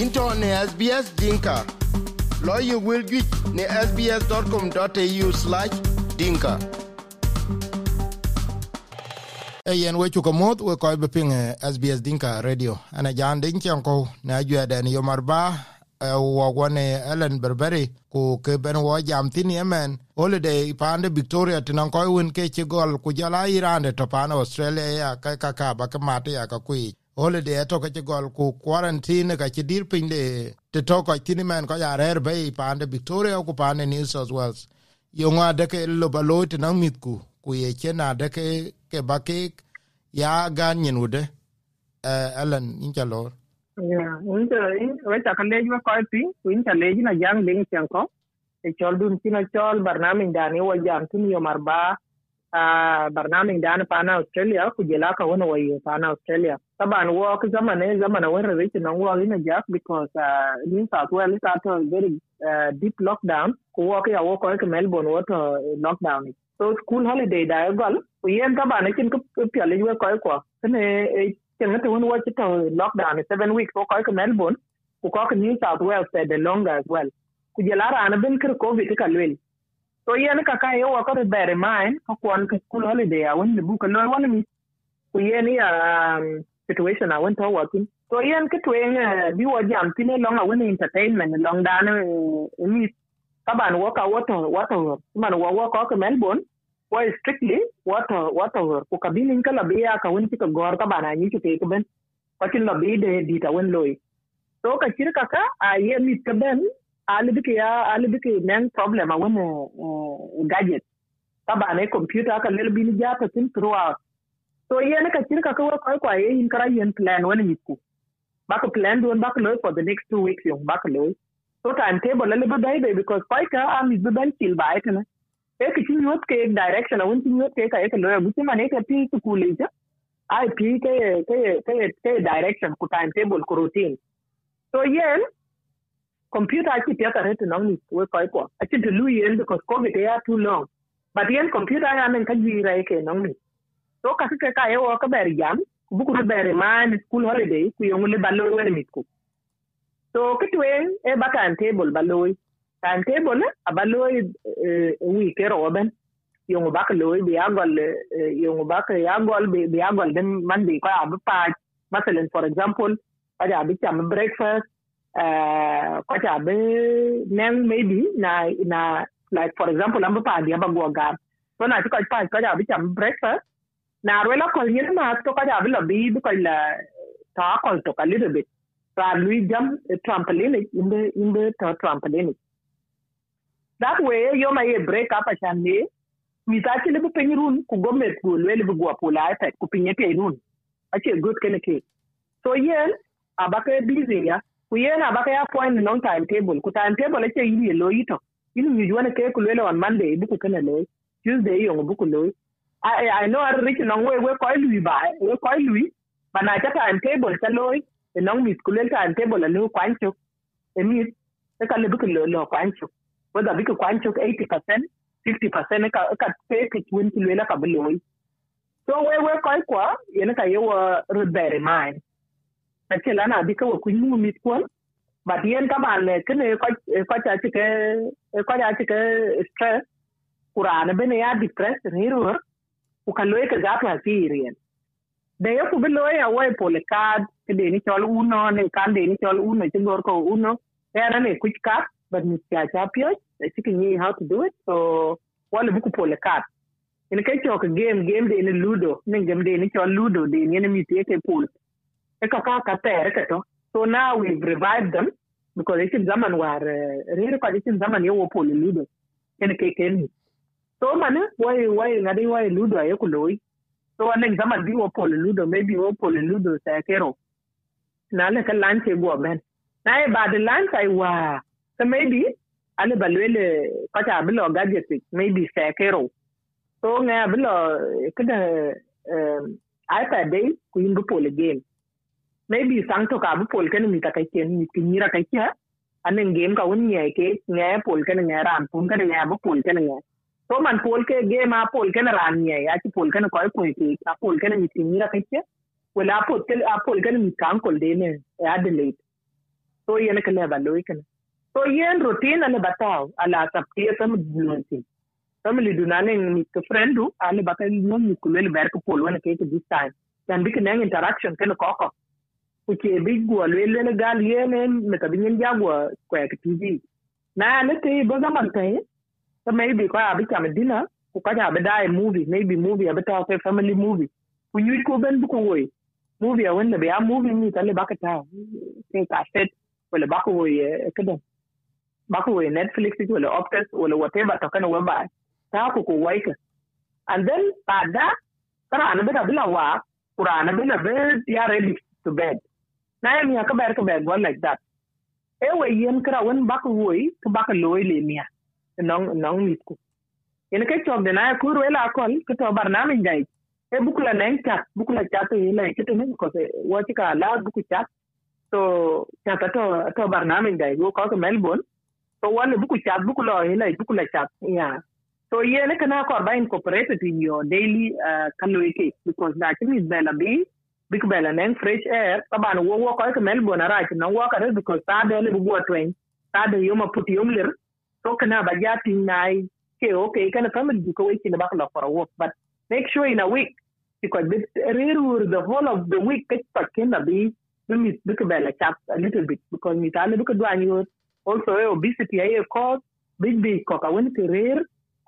into ne SBS Dinka. Lawyer will get ne sbs.com.au slash dinka. yen we chuko moth we koy beping SBS Dinka Radio ana jan din chen ko na jwede ni yomar ba eh, wo gone eh, Ellen Berberi ku ke ben wo jam tin yemen holiday pande Victoria tinan koy win ke chigol ku jala irande to pan Australia ya ka ka ka ba ka mate ya ka kui holiday to ke gol ku quarantine ka ti dir pin de te to ko tin men ko ya rer be pande victoria ku pande new south wales yo nga de ke lo balot na mit ku ku ye ke na de ke ke ba ke ya ga nyen ude eh alan inja lor ya unja weta kan de ju ko ti e unja le ji na jang ding chen ko e chol dun ti na chol barnami dani wo jam tin yo marba برنامج ده انا فانا استراليا وجلاك هنا وي فانا استراليا طبعا هو زمن زمن وين ريت انه هو هنا جاك بيكوز نيو ساوث ويلز ات فيري ديب لوك داون هو كي هو كويك ملبون وات لوك داون so school holiday da ya gal ku yen ta ba na kin ku pyale ju ko ko ne ken ta won watch ta lockdown 7 weeks ko ko melbourne ku ko new south wales the longer as well ku je lara an bin kir covid ka lwel so yen ka ka iwo ko ti oh, bed imin ko kwon ke skul holiday awen ni buka um, no wan mi ku yen ya situation awen to wakin so yen ke tweng bi wo jam ti ne long awen entertainment long dan eh, eh, ni saban wo ka woto woto man wo wo ko ke melbourne wo strictly woto woto ku ka bi ka la bi ya ka won ti ka gor ka bana ni ti ke ben ko ti la bi de di ta wen loy so ka chir ka ka a yen ni ka ben alibike ya alibike men problem a uh, gadget taba ne computer ka lel bin jata tin throughout so ye ne ka cirka ka wai kwa ye in kara yen plan wani Ba baka plan don baka loy for the next two weeks yung baka loy so time table lele ba dai dai because kwa ka am is ban til ba ita ne e ki tin yot ke ek direction awun tin yot ke ka ek loy gusi mane ka pi ku kule ja ai pi ke ke ke ke direction ku time table ku routine so yen yeah, computer actually theater rate now ni we koi ko actually to lui end because covid ya too long but yen computer ya men ka jira yake nan ne to ka suke ka yewo ka ber jam buku ne ma man school holiday ku yong ne ballo wer mi ku so kitwe e ba kan table yi kan table abalo e wi e, ke roben yong ba ka loy bi agol e, e, yong ba ka gol bi agol den man bi ko abu pa masalan for example ada abi cham breakfast uh, kwacha be neng maybe na na like for example amba pandi amba go gam so na chiko pa kwacha be cham breakfast na rwela kol nyen ma to kwacha be lo bi bi kol la ta kol to a little bit ra lui jam trampoline imbe imbe to trampoline that way yo ma ye break up achan ne mi ta chile bu penyirun ku gomet ku lwele bu gwa pula ipad ku pinye pe run ache good kene ke so yen abake à, busy ya ku yena baka ya point non timetable ku timetable ake yi lo yito ilu mi juwana ke ku lele on monday buku kana lo tuesday yong buku lo i i know ar rich non we we koy lui ba eh? we koy lui bana ta timetable ta lo e non mi ku lele timetable lo kwancho e mi e ka le buku lo lo kwancho whether buku kwancho 80% 50% ka ka take it win ku lele ka bulo so we we koy kwa yena ka yewa rubber mind na ke la na bi ko ku mu mit ko ba dien ka ban le ke ne ko ko cái chi ke ko cái ờ, chi ke stress qur'an be ne ya depress ni ru ku ka loe ka ga pa ti rien de yo ku be loe ya wa po le ka ke de ni chol uno ne kan de ni chol uno chi nó, ko là era ne ku ka but ni cha cha pio chi ke ni how to do it so wala bu ku po le ka cái kai chok game game de ni ludo ne game de ni chol ludo de ni ne mi ti pool So now we've revived them because it's zaman war really, ko it's zaman yo wopo le ludo ken ke ken so mana why why ngadi why ludo ayo kuloi so ane zaman bi wopo le ludo maybe wopo le ludo say kero na now ka lanche go ben na Now ba the lunch i wa so maybe ale balwele kata abilo gadget maybe sa kero so nga abilo kada um ipad day ku yimbo pole game maybe સંગ તો કા બુલ કે નહી તા કે કે ની ની રા કે કે આને ગેમ કા ઓન નય કે નયા પોલ કે નેરા આન પુન કે લેબ પોન કે નંગ તો મન પોલ કે ગે મા પોલ કે રાન નય આ છે પોલ કે કોઈ પોઈતી કા પોલ કે ની સી ની રા કે કે વો લેબ પોતે આ પોલ કે નિકા આન કોલ દેને એડલેટ તો યેન કે લે વેલ લોય કેન તો યેન રૂટીન મને બતાવ આ લા સપસીસમ બ્લુન્ટી તમે લીધું નાને મિત્ર ફ્રેન્ડ આને બતય નમ કુ મેલ બરક પોલ વન કે કે દિતાય તંબિક ને એ ઇન્ટરેક્શન કે કોકો kuke ukebigwa ne gal yenen metabinyen jagwa ko kwek tv na ne te bo zaman te so maybe ko abi cham dina ko ka abi dai movie maybe movie abi beta ko family movie ku nyu ko ben bu ko woy movie a wanda be a movie ni tale ba ka ta sai ka set ko le ba ko woy e ba ko woy netflix ko le optus ko le whatever to kana wamba ta ko ko ka and then pada tara anabela bila wa kurana bila be ya ready to bed na ya miya ka bayar ka bayar like that e we yen kra wen bak woi ka bak loy le miya nong nong mit ku yen ke chok de na ku ro la to bar na mi jai e bukula neng chat bukula chat e la ke to ne ko se wo ti ka la buku chat to chat to to bar na mi jai go ko ka melbourne to wale buku chat bukula e la bukula chat ya so yen kana ko ba incorporated in your daily uh, because na kimi bela be big bela neng fresh air taban wo wo ko ko melbourne ra ki nan wo ka re because ta de le bu twen ta de yoma put yom lir to kana ba ya tin nai ke okay kana family ko we ki na bakla for a walk but make sure in a week because this reward the whole of the week ke pakena bi mi big bela chap a little bit because mi ta le bu do anyo also obesity ay cause big big ko ka when to rare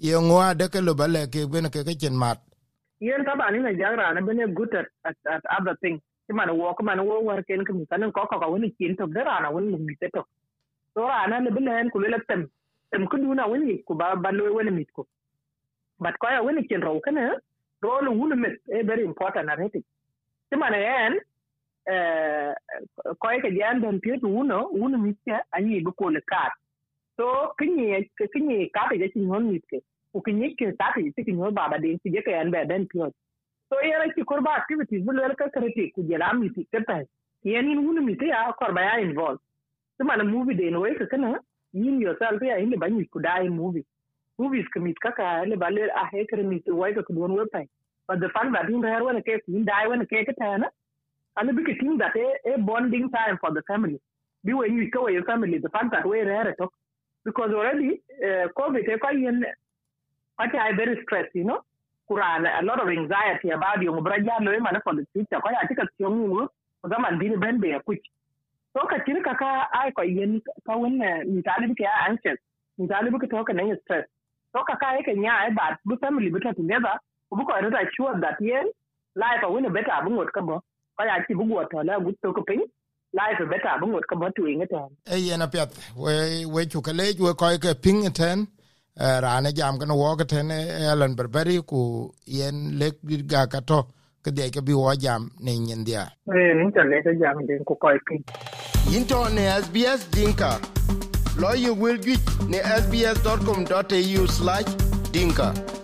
ye ngwa de ke lo bale ke gwen ke ke chen mat yen ta bani na jagra na bene good at at other thing ti man wo ko man wo war ken kum kan ko ko ko ni kin to de rana won mi te to to rana ne bene en ku le tem tem ku duna won ni ku ba ba lo won mi ko but ko ya won kin ro kana role wun mit e very important na reti ti man en eh ko ke jan dan pi tu uno uno mi te anyi bu ko le kat so kinyi kinyi kapi je kinyo mitke u kinyi ke tapi ti kinyo baba de ti je kan be ben pyo so yera ti kurba activities bu le ka kreti ku je mi ti ke ta yeni nun miti ya korba ya involve so mana movie de no ka kana yin yourself ya ba ni ku dai movie movies ka mit ka le ba le a he kre mi mit wai ka don we pai but the fun fact that in there when ke ku in dai when ke ka ta na bi ke think da te a bonding time for the family be when you go your family the fun that we rare to because already uh, COVID, eh, what I very stressed, you know, a lot of anxiety about yung braja no man for the future. Kaya tika tiyong mo, kaya man din ben be kuch. So ka tiri kaka ay ko yen kawin wen mitali kaya anxious, mitali bi ka toka na stress. So kaka ay ka nya ay bad, bu family bi ta together, bu ko rata sure that yen life a win better bu ngot ka bo. Kaya ti bu gwa to la gut to ko pin, life better bu ngot ko tu inga tan e yena pet we we chu kale we ko ke ping ten eh, rane jam kan wo ke ten elen eh, berberi ku yen lek ga ka to ke de ke bi wo jam ne nyen dia e eh, ni tan le jam den ko ko ping into ne sbs dinka lawyer will get ne sbs.com.au/dinka